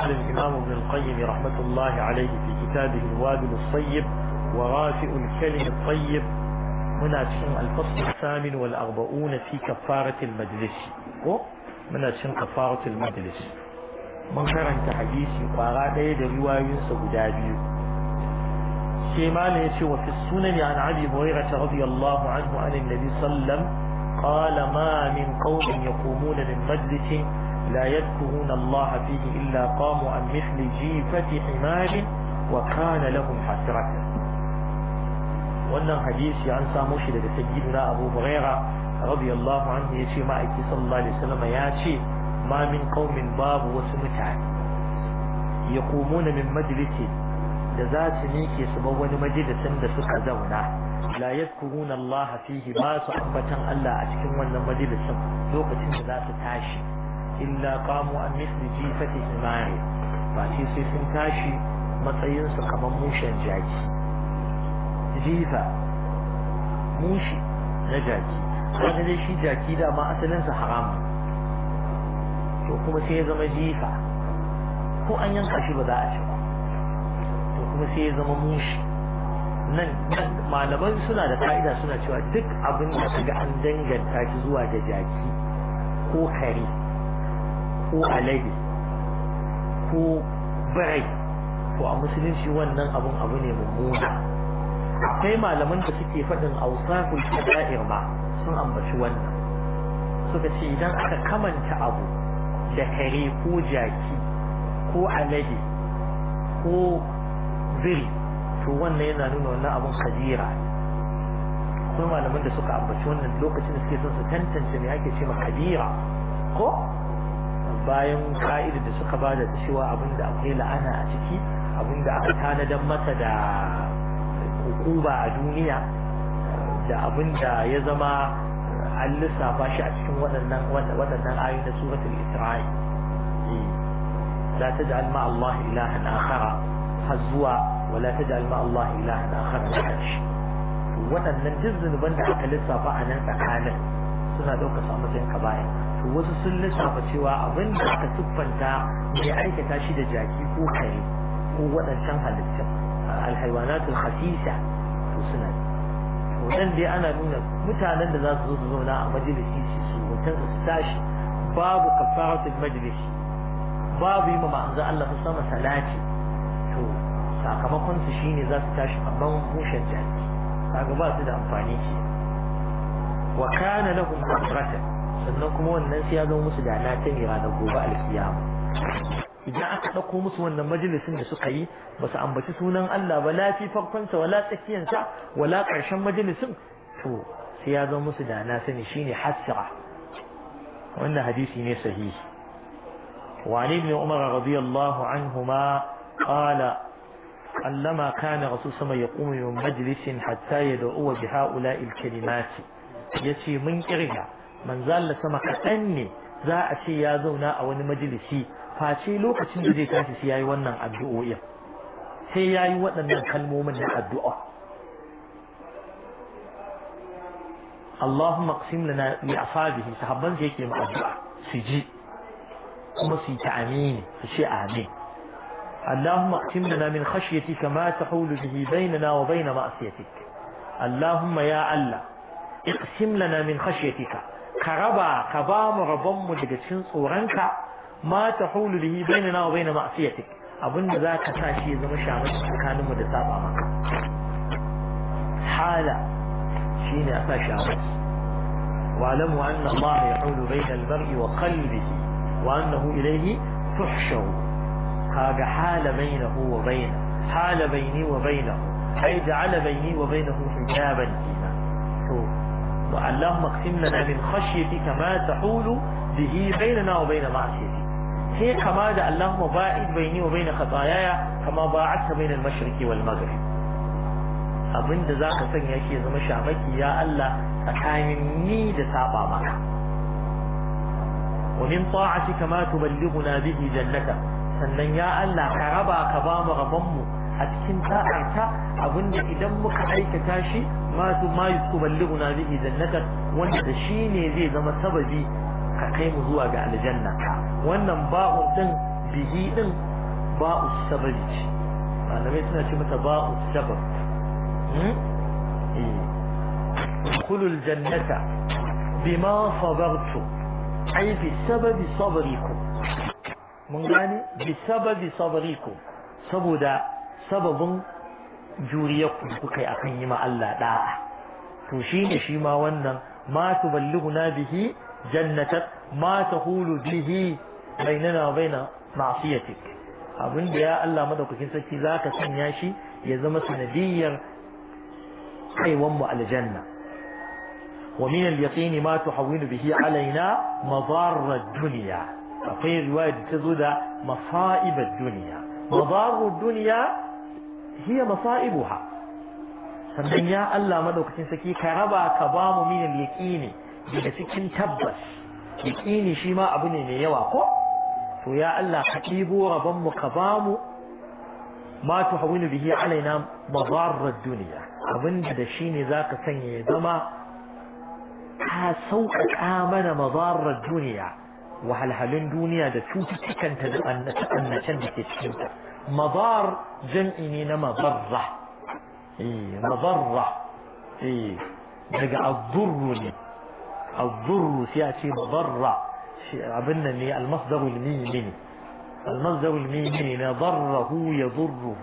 قال الإمام ابن القيم رحمة الله عليه في كتابه الوادل الصيب وغافئ الكلم الطيب من مناتشن الفصل الثامن والأربعون في كفارة المجلس من مناتشن كفارة المجلس من خير انت حديثي وغادة رواية سبجابي سيمان يسي وفي السنن عن عبي هريرة رضي الله عنه عن النبي صلى الله عليه وسلم قال ما من قوم يقومون من مجلس لا يذكرون الله فيه إلا قاموا عن مثل جيفة حمار وكان لهم حسرة wannan hadisi an samo shi daga sayyidina Abu Hurairah radiyallahu anhu yace ma aiki sallallahu alaihi wasallam yace ma min qaumin babu wasu mutane yaqumuna min majlisi da za su nike su ba wani majalisin da suka zauna la yadkuruna Allah fihi ba su ambatan Allah a cikin wannan majalisin lokacin da za su tashi illa qamu an misli jifati himari ba shi sai sun tashi matsayinsu kamar mushen jaki jifa mushi na jaki wanda dai shi jaki dama asalinsa haram to kuma sai ya zama jifa ko an yanka shi ba za a ci to kuma sai ya zama mushi nan malaman suna da ka'ida suna cewa duk abin da ga an danganta shi zuwa ga jaki ko kare ko alade ko birai to a musulunci wannan abun abu ne mummuna akwai malaman da suke faɗin ausaful kaba'ir ma sun ambaci wannan suka ce idan aka kamanta abu da kare ko jaki ko alade ko biri to wannan yana nuna wannan abun kabira akwai malaman da suka ambaci wannan lokacin da suke son su tantance me ake ce ma kabira ko bayan ka'ida da suka da cewa abinda akwai la'ana a ciki abinda aka tanadan masa da hukuma a duniya da abinda ya zama an lissafa shi a cikin waɗannan waɗannan ayoyi na suratul isra'i la taj'al ma Allah ilahan akhara har zuwa wala taj'al ma Allah ilahan akhara waɗannan duk zunuban da aka lissafa a nan tsakanin suna ɗaukar su a matsayin kabaya wasu sun lissafa cewa abin da aka siffanta mai aikata shi da jaki ko kare ko waɗancan halittun alhaiwanatul khasisa to suna to nan dai ana nuna mutanen da za su zo su zauna a majalisi su surutan su tashi babu kafaratul majalisi babu yi ma manzo Allah su sama salati to sakamakon su shine za su tashi a ban mushen jaki kaga ba su da amfani ce. wa kana lahum qudratan sannan kuma wannan sai ya zama musu da na tani ranar gobe alkiyama idan aka ɗauko musu wannan majalisin da suka yi ba su ambaci sunan Allah ba lafi farkonsa wala tsakiyansa wala ƙarshen majalisin to sai ya zama musu da na sani shine hasira wannan hadisi ne sahihi وعن ابن عمر رضي الله عنهما قال علما كان رسول صلى الله عليه وسلم يقوم من مجلس حتى يدعو بهؤلاء الكلمات يتي من كرها manzo Allah sama kaɗan ne za a ce ya zauna a wani majalisi face lokacin da zai tashi sai yayi wannan addu'o'in sai yayi waɗannan kalmomin na addu'a Allahumma qsim lana li asabihi sahabban sai yake mu addu'a su ji kuma su yi ta amini su ce amin اللهم اقسم لنا من خشيتك ما تحول به بيننا وبين معصيتك اللهم يا الله اقسم لنا من خشيتك كربا كبام ربم مدغتشن صورنكا ما تحول له بيننا وبين معصيتك أبن ذاك ساشي زم الشامس كان مدتابا معك حالا شين أفاش أمس وعلموا أن الله يحول بين المرء وقلبه وأنه إليه تحشو هذا حال بينه وبينه حال بيني وبينه أي جعل بيني وبينه حجابا اللهم اقسم لنا من خشيتك ما تحول به بيننا وبين معصيتك هي كما دا اللهم باعد بيني وبين خطاياي كما باعدت بين المشرق والمغرب abin da za ka sanya shi ya zama shamaki ya Allah tsakanin ni da saba maka wa min ta'atika ma tuballighuna bihi jannata sannan ya Allah ka raba ka ba mu rabon mu a cikin ta'arta abinda idan muka aikata shi ما ما يتبلغنا به ذنتك وان شيني ذي زما سببي كقيم زوا على الجنة وان باء دن به دن باء السبب انا متنا شي متى باء السبب إيه. ادخل الجنة بما صبرت اي بسبب صبركم من غاني بسبب صبركم سبب سببن juriya ku kuka yi akan yi ma Allah da'a to shine shi ma wannan ma tuballighuna bihi jannatak ma tahulu bihi bainana wa baina ma'siyatik abin da ya Allah madaukakin sarki zaka sanya shi ya zama sanadiyyar kaiwan mu aljanna wa min al-yaqin ma tuhawwinu bihi alaina madar ad-dunya akwai riwaya da ta zo da masa'ib ad-dunya madar ad-dunya hiya masaibuha sannan ya Allah madaukakin saki ka raba ka ba mu minal yaqini daga cikin tabbas yaqini shi ma abu ne mai yawa ko to ya Allah ka ɗibo rabon mu ka ba mu ma tuhawinu bihi alaina madarrar duniya abinda da shi ne za ka sanya ya zama ka sauƙaƙa mana madarrar duniya wahalhalun duniya da cututtukanta da annacen da ke cikinta مضار جمع مين مضرة إيه مضرة إيه دقى الضر الضر سيأتي مضرة عبنا المصدر الميمني المصدر الميمني ضره يضره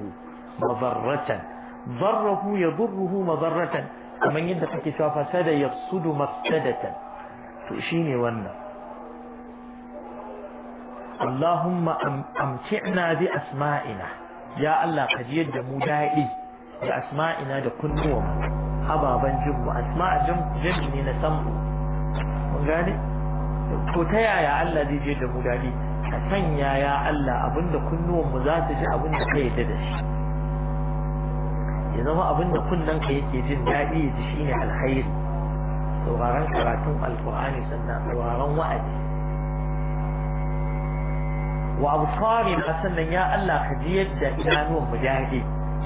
مضرة ضره يضره مضرة ومن يندفع كتاب فساد يفسد مفسدة تؤشيني وانا Allahumma amti'na bi asma'ina ya Allah ka ji yadda mu daɗi da asma'ina da kunnuwan ababan jin mu asma'a jin ne na san mun gane to ta yaya Allah zai je da mu daɗi ka sanya ya Allah abinda kunnuwan mu za su ji abinda ka yadda da shi ya zama abinda kunnen ka yake jin daɗi ya ji shine alkhairi sauraron karatun alkur'ani sannan sauraron wa'azi wa absari ma sannan ya Allah ka ji yadda idanuwan mu daɗe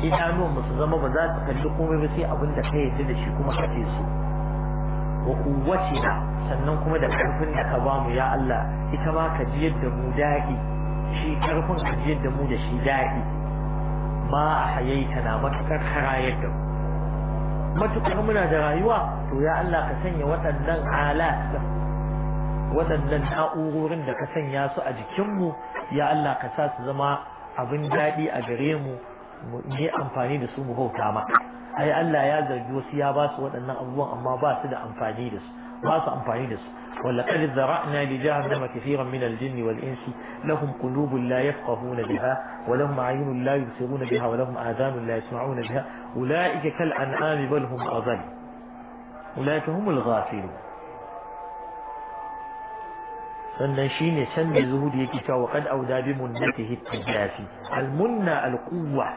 idanuwan mu su zama ba za su kalli komai ba sai abin da ka yarda da shi kuma kake su. wa na sannan kuma da karfin da ka bamu ya Allah ita ma ka ji yadda mu daɗi shi karfin ka ji yadda mu da shi daɗi ma a na matuƙar karayar da mu Matuƙar muna da rayuwa to ya Allah ka sanya waɗannan alat waɗannan na'urorin da ka sanya su a jikinmu ya Allah ka sa su zama abin daɗi a gare mu mu yi amfani da su mu bauta ma ai Allah ya zargi wasu ya ba su waɗannan abubuwan amma ba su da amfani da su ba su amfani da su walla qad zara'na li jahannama min ولقد ذرأنا لجهنم كثيرا من الجن والإنس لهم قلوب لا يفقهون بها ولهم عين لا يبصرون بها ولهم آذان لا يسمعون بها أولئك كالأنعام بل هم أضل أولئك هم ghafilun sannan shi ne can mai zuhudi yake cewa waƙad auda bi munnatihi tijafi almunna alquwa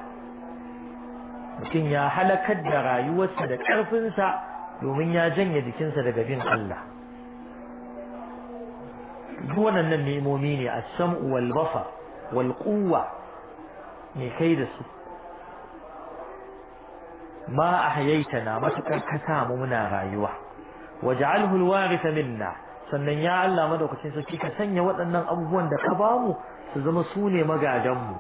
mutum ya halakar da rayuwarsa da ƙarfinsa domin ya janye jikinsa daga bin Allah duk waɗannan nemomi ne a samu wal bafa wal quwa me kai da su ma ahyaitana matukar ka samu muna rayuwa waj'alhu alwaritha minna sannan ya Allah madaukakin sarki ka sanya waɗannan abubuwan da ka bamu su zama su ne magadanmu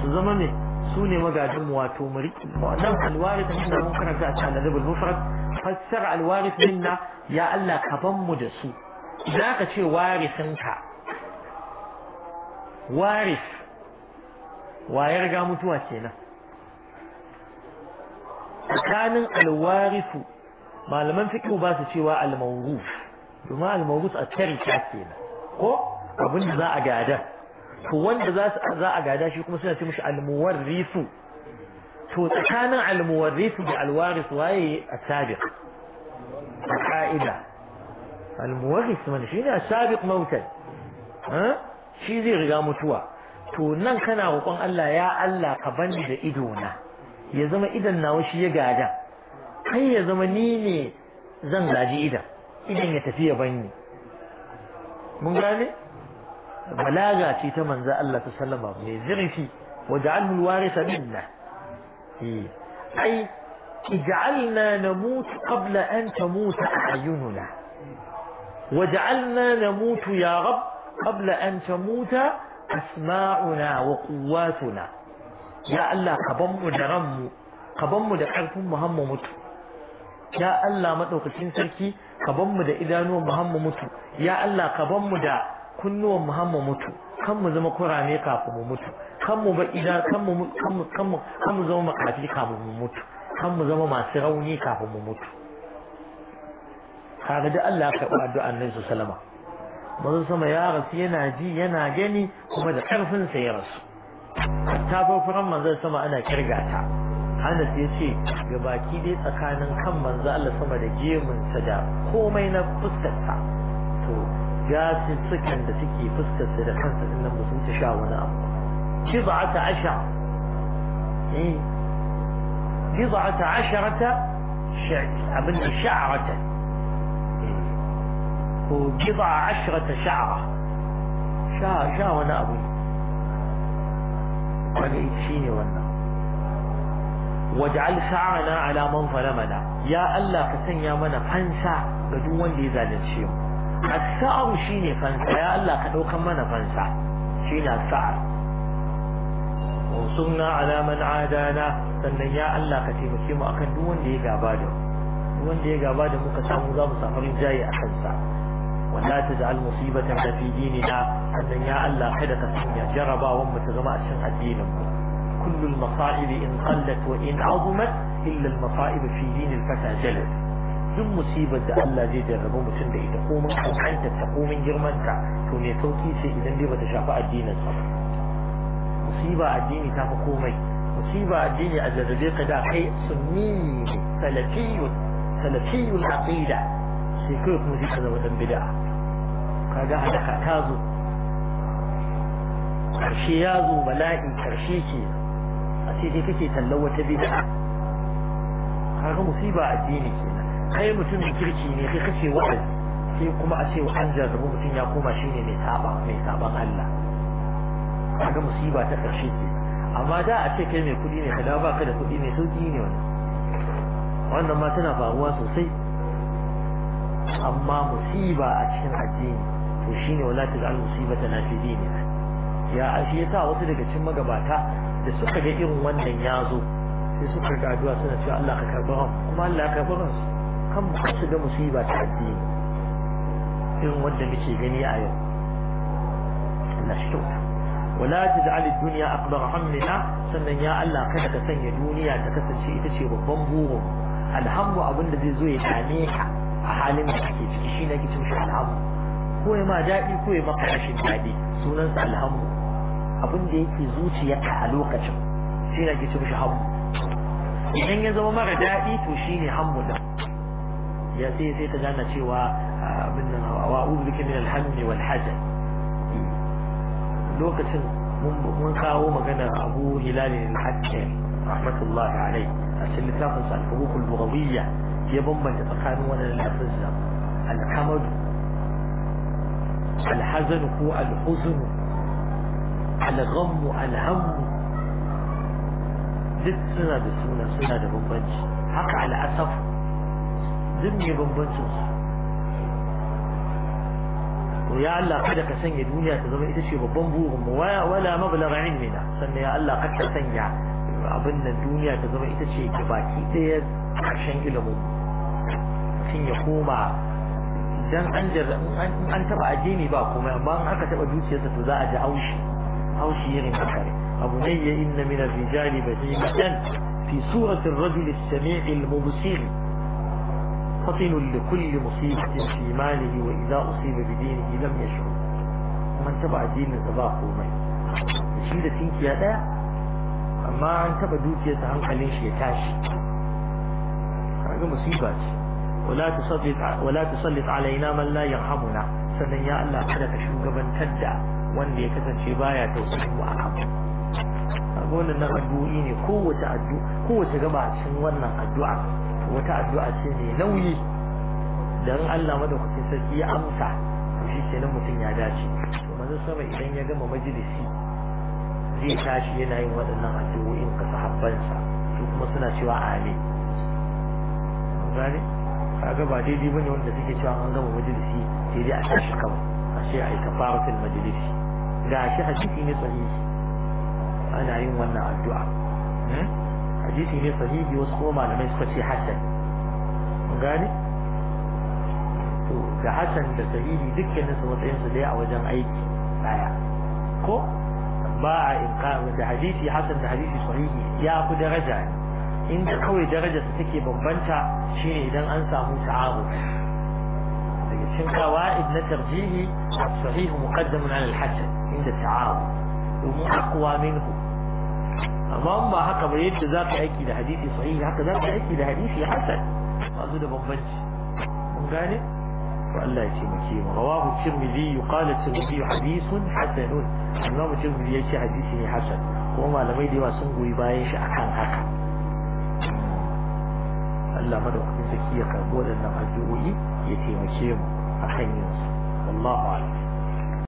su zama ne su ne magadanmu wato mu riƙe wannan alwarif minna mun karanta a cikin adabul mufrad fassara alwarif minna ya Allah ka ban mu da su idan ka ce warisinka waris wa ya riga mutuwa kenan tsakanin alwarifu malaman fiqh ba su cewa al-mawruf domin al-mawrus a tarika kenan ko abin da za a gada to wanda za a gada shi kuma suna ce mishi al-muwarrisu to tsakanin al-muwarrisu da al-waris waye as-sabiq ka'ida al-muwarris man shine as-sabiq mautan ha shi zai riga mutuwa to nan kana roƙon Allah ya Allah ka bani da ido na ya zama idan nawa shi ya gada kai ya zama ni ne zan gaji idan idan ya tafi ya banyi mun gane balaga ce ta manzo Allah ta sallama mai zurfi waj'alhu alwarisa minna eh, ai اجعلنا نموت قبل أن تموت أعيننا وجعلنا نموت يا رب قبل أن تموت أسماعنا وقواتنا يا الله قبم درم قبم درم هم مت ya Allah madaukakin sarki ka ban mu da idanuwan muhammu mutu ya Allah ka ban mu da kunnuwan muhammu mutu kan mu zama kurame kafin mu mutu kan mu ba idan kan mu kan mu kan mu zama makafi kafin mu mutu kan mu zama masu rauni kafin mu mutu kaga da Allah ka yi addu'a salama. sallama manzo sama ya rasu yana ji yana gani kuma da karfin sa ya rasu ta fafuran manzo sama ana kirgata ta Anas ya ce ga baki dai tsakanin kan manzo Allah sama da gemunsa da komai na fuskarsa to gasin sukan da suke fuskarsa da kansa din nan ba ta sha wani abu bid'ata asha eh bid'ata asharata abin da sha'arata eh. ko bid'a asharata sha'ara sha sha wani abu wani shi wannan waj'al sa'ana ala man zalamana ya Allah ka sanya mana fansa ga duk wanda ya zalunce mu as-sa'ar shine fansa ya Allah ka daukan mana fansa shine as-sa'ar وصلنا على من adana sannan ya Allah ka taimake mu akan duk wanda ya gaba da duk wanda ya gaba da ka samu za mu samu rinjaye a kansa wala taj'al musibatan fi dinina sannan ya Allah kada ka sanya jarabawan mu ta zama a cikin addinin mu كل المصائب إن قلت وإن عظمت إلا المصائب في دين الفتى جلت ثم مصيبة الله جي جربو مسنده تقوم أو أنت تقوم جرمان تا ثم يتوكي سيدن دي وتشافع الدين الصبر مصيبة الدين تقومي مصيبة الدين أجل ذي قدا حي سنين ثلاثي ثلاثي العقيدة سيكوك مزيكا وذن بدا كاجا هدخا كازو كرشيازو ملائي كرشيكي sai dai kake tallar wata bid'a kaga musiba dini kenan kai mutumin kirki ne kai kace wa'azi sai kuma a ce wa an jarrabu mutum ya koma shine mai saba mai saban Allah kaga musiba ta karshe ke amma da a ce kai mai kuɗi ne kada ba ka da kuɗi mai sauki ne wannan wannan ma tana faruwa sosai amma musiba a cikin addini to shine wala taj'al musiba ta fi dini ya ashe yasa wasu daga cikin magabata da suka ga irin wannan ya zo sai suka ga addu'a suna cewa Allah ka karɓi ran kuma Allah ya karɓi ran kan mu su ga musiba ta addini irin wanda muke gani a yau Allah shi kyauta wala taj'al ad-dunya akbar hammina sannan ya Allah kada ka sanya duniya ta kasance ita ce babban burin alhamdu da zai zo ya dame ka a halin da kake ciki shi shine kicin shi alhamdu ko ya ma daɗi ko ya maka rashin daɗi sunansa alhamdu abin da yake zuciyarka a lokacin shi ne ke ci mishi hammu idan ya zama mara dadi to shi ne hammu da ya sai sai ta gana cewa abin nan wa ubu bika min alhammi wal haja lokacin mun mun kawo magana abu hilali al-hakim rahmatullahi alai a cikin littafin sa al-furuqul bughawiyya ya bambanta tsakanin wannan lafin sa al-kamadu al-hazan ko al-huzn على غم وعلى هم زد سنة بسنة سنة لبنبنج حق على أسف دمي بنبنج ويا الله قد كسنج الدنيا تظن إذا شيء ببنبوغ ولا مبلغ علمنا سنة يا الله قد كسنج أبن الدنيا تظن إذا شيء كباكي تير عشان كلهم سن يقوم dan an jarra an taba ajini ba kuma amma an aka taba dukiyarsa to za a ji aushi أو شير مكره أبني إن من الرجال بهيمة في صورة الرجل السميع المبصر فطن لكل مصيبة في ماله وإذا أصيب بدينه لم يشعر ومن تبع دين تباق ومن شيء ده تنك يا ذا أما أن تبع دوك يتهم عليه شيء هذا مصيبة ولا تسلط ولا تسلط علينا من لا يرحمنا sannan يا Allah kada ka من da wanda ya kasance baya tausayin wa abu kaga wannan nan addu'o'i ne kowace addu'a kowace gaba cikin wannan addu'a wata addu'a ce mai nauyi dan Allah madaukakin sarki ya amsa to shi kenan mutum ya dace to manzo sama idan ya gama majalisi zai tashi yana yin waɗannan addu'o'in ka sahabbansa su kuma suna cewa amin gane kaga ba daidai bane wanda suke cewa an gama majalisi sai dai a tashi kawai a ce a yi kafaratul majalisi gashi hadisi ne sahihi ana yin wannan addu'a hmm? hadisi ne sahihi wasu kuma malamai suka ce hasan gane to ga hasan da sahihi dukkanin su matsayin su dai a wajen aiki daya ko ba a inka da hadisi hasan da hadisi sahihi ya fi daraja inda kawai darajarsa take bambanta shine idan an samu ta'aruf cikin qawaid na tarjihi sahih muqaddamun ala al-hasan inda ta'awun domin aqwa minhu amma ba haka ba yadda za ka aiki da hadisi sahih haka za ka aiki da hadisi hasan ba su da bambanci mun gane والله يتمكين رواه الترمذي قال الترمذي حديث حسن الإمام الترمذي يشي حديثه حسن وما لم يدي ما سنقو يبايش أحان حقا الله مدوح من زكية قبول أنه taimake mu. الحي والله أعلم